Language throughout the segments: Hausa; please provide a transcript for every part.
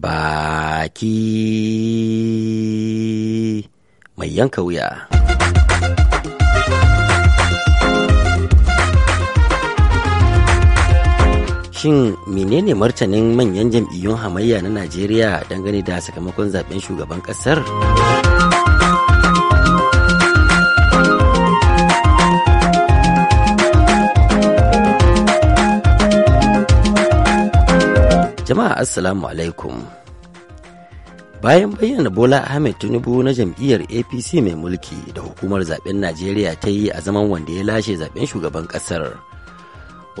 baki mai yanka wuya. Shin menene martanin manyan jam'iyyun hamayya na Najeriya dangane da sakamakon zaben shugaban ƙasar? Assalamu alaikum. Bayan bayyana Bola Ahmed Tinubu na jam'iyyar APC mai mulki da hukumar zaben Najeriya ta yi a zaman wanda ya lashe zaben shugaban kasar.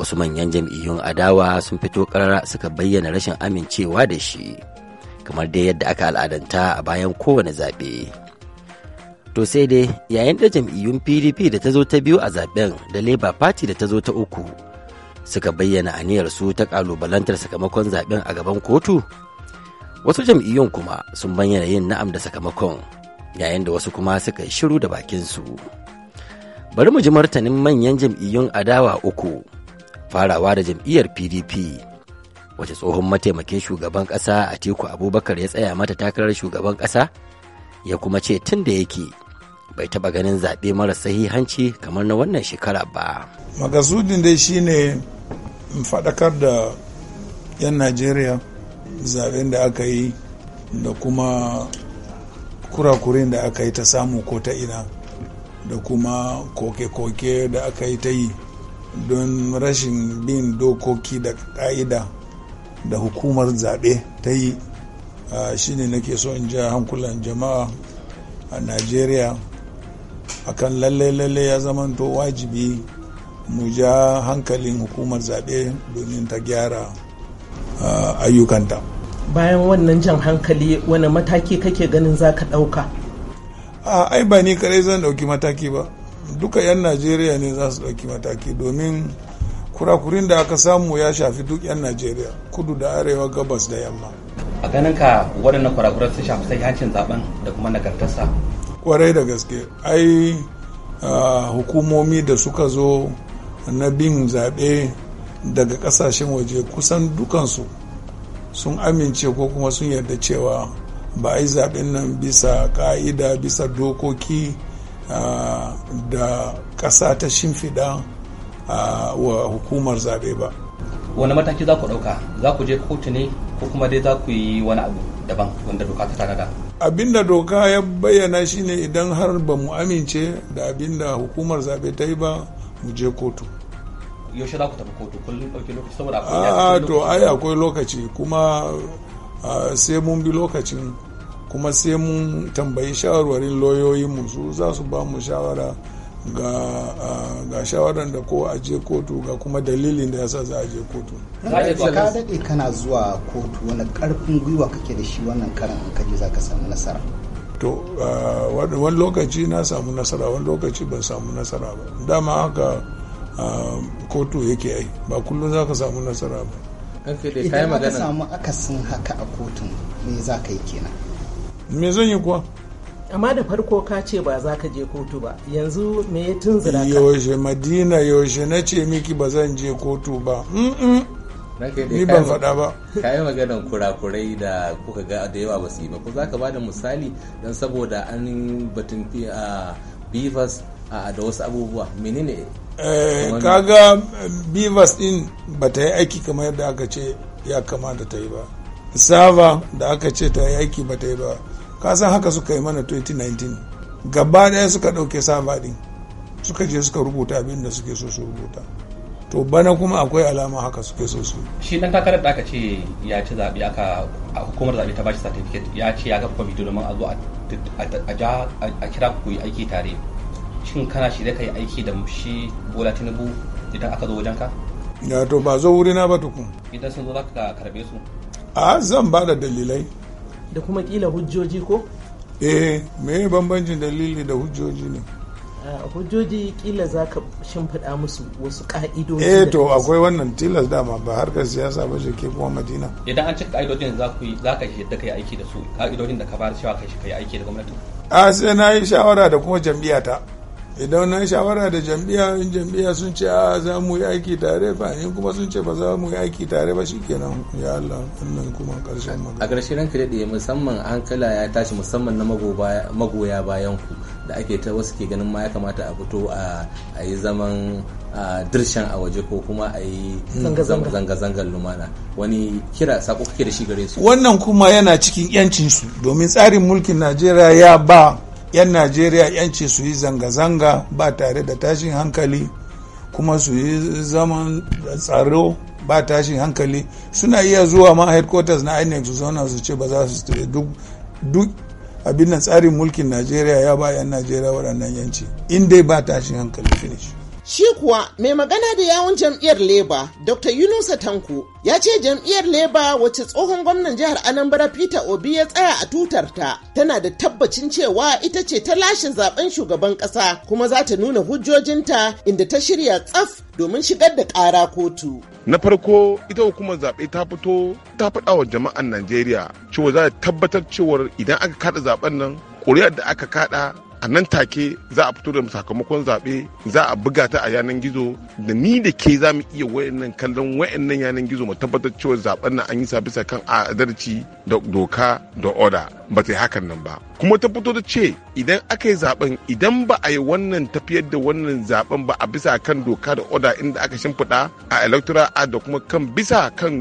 Wasu manyan jam'iyyun adawa sun fito karara suka bayyana rashin amincewa da shi, kamar dai yadda aka al'adanta a bayan kowane zaɓe. To sai dai yayin da jam'iyyun PDP da ta zo ta biyu a zaben da Labour Party da ta zo ta uku. suka bayyana su ta kalubalantar sakamakon zaben a gaban kotu wasu jam'iyyun kuma sun bayyana yin na'am da sakamakon yayin da wasu kuma suka yi shiru da bakinsu bari mu ji martanin manyan jam'iyyun adawa uku farawa da jam'iyyar pdp wace tsohon mataimakin shugaban ƙasa atiku abubakar ya tsaya mata takarar shugaban ƙasa ya kuma ce tun da yake bai taba ganin zaɓe mara sahihanci kamar na wannan shekara ba. magasudin dai shine faɗakar da 'yan Najeriya zaɓen da aka yi da kuma kurakurin da aka yi ta samu ko ta ina da kuma koke-koke da aka yi ta yi don rashin bin dokoki da ƙa'ida da hukumar zaɓe ta yi shine nake so in ja hankulan jama'a a najeriya akan lalle-lalle ya zamanto wajibi mu ja hankalin hukumar zaɓe domin ta gyara ayyukanta bayan wannan jan hankali wani mataki kake ganin za ka ɗauka ai ba ni kare zan ɗauki mataki ba duka 'yan najeriya ne za su ɗauki mataki domin kurakurin da aka samu ya shafi duk 'yan najeriya kudu da arewa gabas da yamma a ganin ka waɗannan kurakuran sun shafi sai hancin zaben da kuma nagartarsa kwarai da gaske ai hukumomi da suka zo na bin zaɓe daga ƙasashen waje kusan dukansu sun amince ko kuma sun yarda cewa ba a yi zaɓen nan bisa ƙa'ida bisa dokoki da ƙasa ta shimfiɗa wa hukumar zaɓe ba wani mataki za ku ɗauka za ku je kotu ne ko kuma dai za ku yi wani abu daban wanda doka ta tanada abinda doka ya bayyana shine idan har ba mu amince da abinda hukumar zaɓe ta yi ba mu je kotu yaushe za ku tafi kotu kullum ɗauki lokaci saboda akwai to ai akwai lokaci kuma sai mun bi lokacin kuma sai mun tambayi shawarwarin lauyoyinmu su za su ba mu shawara ga shawaran da ko a je kotu ga kuma dalilin da ya sa za a je kotu ka daɗe kana zuwa kotu wani ƙarfin gwiwa kake da shi wannan karan an za ka samu nasara to wani lokaci na samu nasara wani lokaci ban samu nasara ba dama haka kotu yake ai ba kullum za ka samu nasara ba idan ka samu akasin haka a kotun me za ka yi kenan me zan yi kuwa amma da farko ka ce ba za ka je kotu ba yanzu me ya tunzura ka yaushe madina yaushe na ce miki ba zan je kotu ba ni ban faɗa ba yi maganar kurakurai da kuka ga da yawa ba su yi ba ko za ka ba da misali don saboda an batun a bivas da wasu abubuwa menene eh, kaga eh, bivas din ba ta yi aiki kamar yadda aka ce ya kamata ta yi ba sava da aka ce ta yi aiki ba ta yi ba kasan haka suka yi mana 2019 gaba daya suka ɗauke sabaɗin, suka je suka rubuta abin da suke so su rubuta to bana kuma akwai alama haka suke so su shi dan takarar da aka ce ya ci zaɓe aka hukumar zaɓe ta bashi certificate ya ce ya ga kwamiti domin a zo a kira ku yi aiki tare shin kana shi ka yi aiki da shi bola tinubu idan aka zo wajen ka ya to ba zo wurina ba tukun idan sun zo za ka karbe su a zan ba da dalilai da kuma kila hujjoji ko eh me bambancin dalili da hujjoji ne ah, hujjoji kila za ka shimfiɗa musu wasu ƙa'idoji eh to akwai wannan tilas dama ba harkar siyasa ba shi ke kuma madina idan an cika ƙa'idojin za ka yi za ka yadda kai aiki da su ƙa'idojin da ka ba bayar cewa kai shi kai aiki da gwamnati a ah, sai na yi shawara da kuma jam'iyyata idan na shawara da jam'iyya in jam'iyya sun ce a za mu yi aiki tare ba in kuma sun ce ba za mu yi aiki tare ba shikenan ya Allah wannan kuma karshen magana a ƙarshen ranka daɗe musamman hankala ya tashi musamman na magoya bayan ku da ake ta wasu ke ganin ma ya kamata a fito a yi zaman dirshan a waje ko kuma a yi zanga-zangar lumana wani kira sako kake da shi gare su wannan kuma yana cikin 'yancinsu domin tsarin mulkin najeriya ya ba 'yan najeriya 'yanci su yi zanga-zanga ba tare da tashin hankali kuma su yi zaman tsaro ba tashin hankali suna iya zuwa ma headquarters na inec su zauna su ce ba za su duk abin tsarin mulkin najeriya ya ba 'yan najeriya waɗannan yanci in dai ba tashin hankali finish Shi kuwa mai magana da yawun jam'iyyar Leba, Dr. Yunusa Tanko, ya ce jam'iyyar Leba wacce tsohon gwamnan jihar Anambra Peter Obi ya tsaya a tutar ta tana da tabbacin cewa ita ce ta lashe zaben shugaban ƙasa kuma za ta nuna hujjojinta inda ta shirya tsaf domin shigar da ƙara kotu. Na farko ita hukumar zaɓe ta fito ta faɗa wa jama'an Najeriya cewa za ta tabbatar cewar idan aka kaɗa zaben nan ƙuri'ar da aka kaɗa a nan take za a fito da sakamakon zaɓe za a buga ta a yanar gizo da ni da ke za mu iya wayannan kallon wayannan yanar gizo mu tabbatar cewa zaben na an yi sa bisa kan adalci da doka da oda ba ta yi hakan nan ba kuma ta fito ta ce idan aka yi zaben idan ba a yi wannan tafiyar da wannan zaben ba a bisa kan doka da oda inda aka shimfiɗa a electoral da kuma kan bisa kan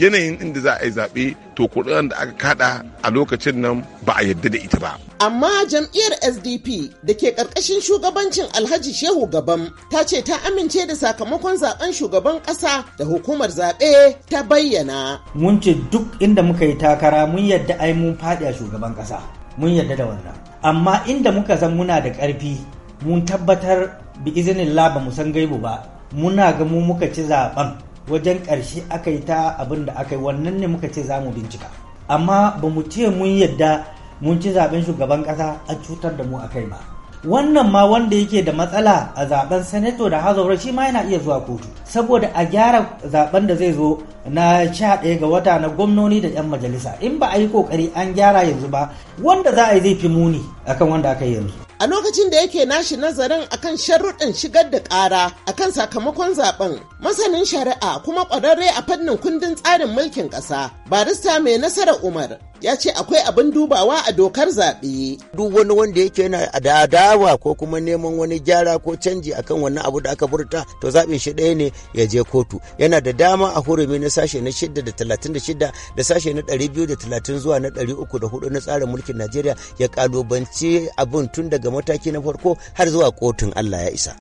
yanayin inda za a yi zaɓe to kuɗin da aka kaɗa a lokacin nan ba a yarda da ita ba. Amma jam'iyyar SDP da ke ƙarƙashin shugabancin Alhaji Shehu gaban ta ce ta amince da sakamakon zaben shugaban ƙasa da hukumar zaɓe ta bayyana. Mun ce duk inda muka yi takara mun yarda ai mun faɗi a shugaban shugaban kasa mun yarda da wannan amma inda muka san muna da karfi mun tabbatar bi izinin laba mu san gaibu ba muna ga mu muka ci zaben wajen ƙarshe aka yi ta abin da aka yi wannan ne muka ce za mu bincika amma ba mu ce mun yarda mun ci zaben shugaban ƙasa a cutar da mu a kai ba wannan ma wanda yake da matsala a zaben sanato da hazaura shi ma yana iya zuwa kotu saboda a gyara zaben da zai zo na sha ɗaya ga wata na gwamnoni da 'yan majalisa in ba a yi kokari an gyara yanzu ba wanda za a yi zai fi muni akan wanda aka yi yanzu a lokacin da yake nashi nazarin akan sharruɗin shigar da ƙara akan sakamakon zaben masanin shari'a kuma ƙwararre a fannin kundin tsarin mulkin ƙasa barista mai nasarar umar ya ce akwai abin dubawa a dokar zaɓe. duk wani wanda yake yana da adawa ko kuma neman wani gyara ko canji akan wannan abu da aka furta to zaɓin shi ɗaya ne ya je kotu yana da dama a hurumi na sashe na shida da talatin da shida da sashe na ɗari biyu da talatin zuwa na ɗari uku da hudu na tsarin mulkin najeriya ya ƙalubanci abin tun daga mataki na farko har zuwa kotun allah ya isa.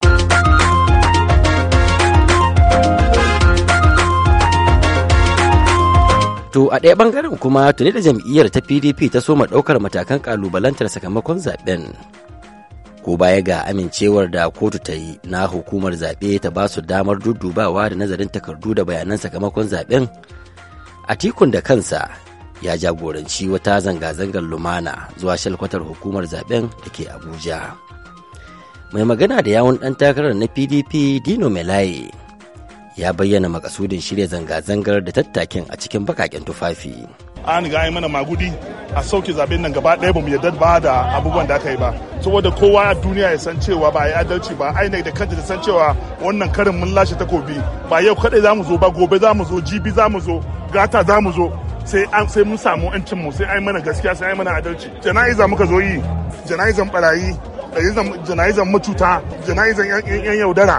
To a ɗaya ɓangaren kuma tuni da jam'iyyar ta PDP ta soma ɗaukar matakan ƙalubalantar sakamakon zaɓen. Ko baya ga amincewar da kotu ta yi na hukumar zaɓe ta ba su damar dudubawa da nazarin takardu da bayanan sakamakon zaɓen. A tikun da kansa ya jagoranci wata zanga-zangar lumana zuwa shalkwatar hukumar zaɓen da ke Abuja. Mai magana da yawun ɗan takarar na PDP Dino Melaye ya bayyana makasudin shirya zanga-zangar da tattakin a cikin bakaken tufafi. An ga mana magudi a sauke zaben nan gaba ɗaya bamu yarda ba da abubuwan da aka yi ba. Saboda kowa a duniya ya san cewa ba yi adalci ba aina da kanta ta san cewa wannan karin mun lashe takobi ba yau kaɗai za mu zo ba gobe za mu zo jibi za mu zo gata za mu zo sai mun samu 'yancin mu sai ai mana gaskiya sai ai mana adalci. Jana'iza muka zo yi jana'izan barayi jana'izan macuta jana'izan 'yan yaudara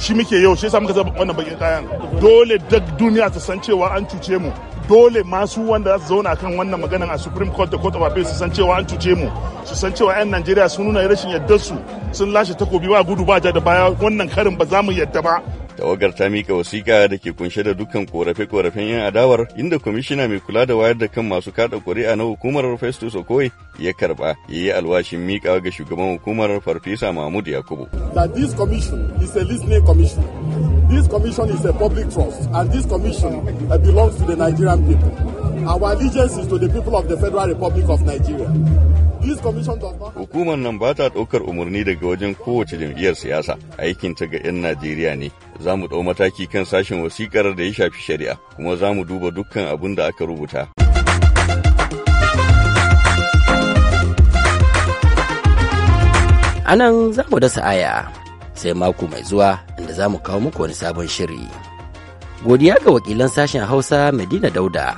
shi muke yau shi yasa muka zaba wannan bakin kayan dole duk duniya ta san cewa an cuce mu dole masu wanda za zauna kan wannan maganan a supreme court da court of appeal su san cewa an cuce mu su san cewa 'yan najeriya sun nuna rashin yardar su sun lashe takobi ba gudu ba ja da baya wannan karin ba za mu yarda ba Tawagar ta mika wasiƙa da ke kunshe da dukkan korafe-korafen 'yan adawar inda kwamishina mai kula da wayar da kan masu kada kuri'a na hukumar Festus Okoye ya karba ya yi alwashin mika ga shugaban hukumar Farfesa Mahmud Yakubu. That this commission is a listening commission. Hukumar nan ba ta ɗaukar umarni daga wajen kowace jam'iyyar siyasa, aikinta ga 'yan Najeriya ne, za mu ɗau mataki kan sashen wasiƙar da ya shafi shari'a kuma za mu duba dukkan abin da aka rubuta. A nan za mu dasa aya sai mako mai zuwa inda za mu kawo muku wani sabon shiri. Godiya ga wakilan sashen Hausa Medina Dauda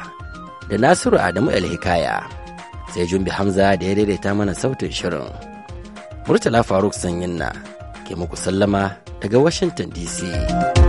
da Nasiru Adamu Alhikaya sai Jumbi Hamza da ya daidaita mana sautin shirin. Murtala Faruk Sanyinna ke muku sallama daga Washington DC.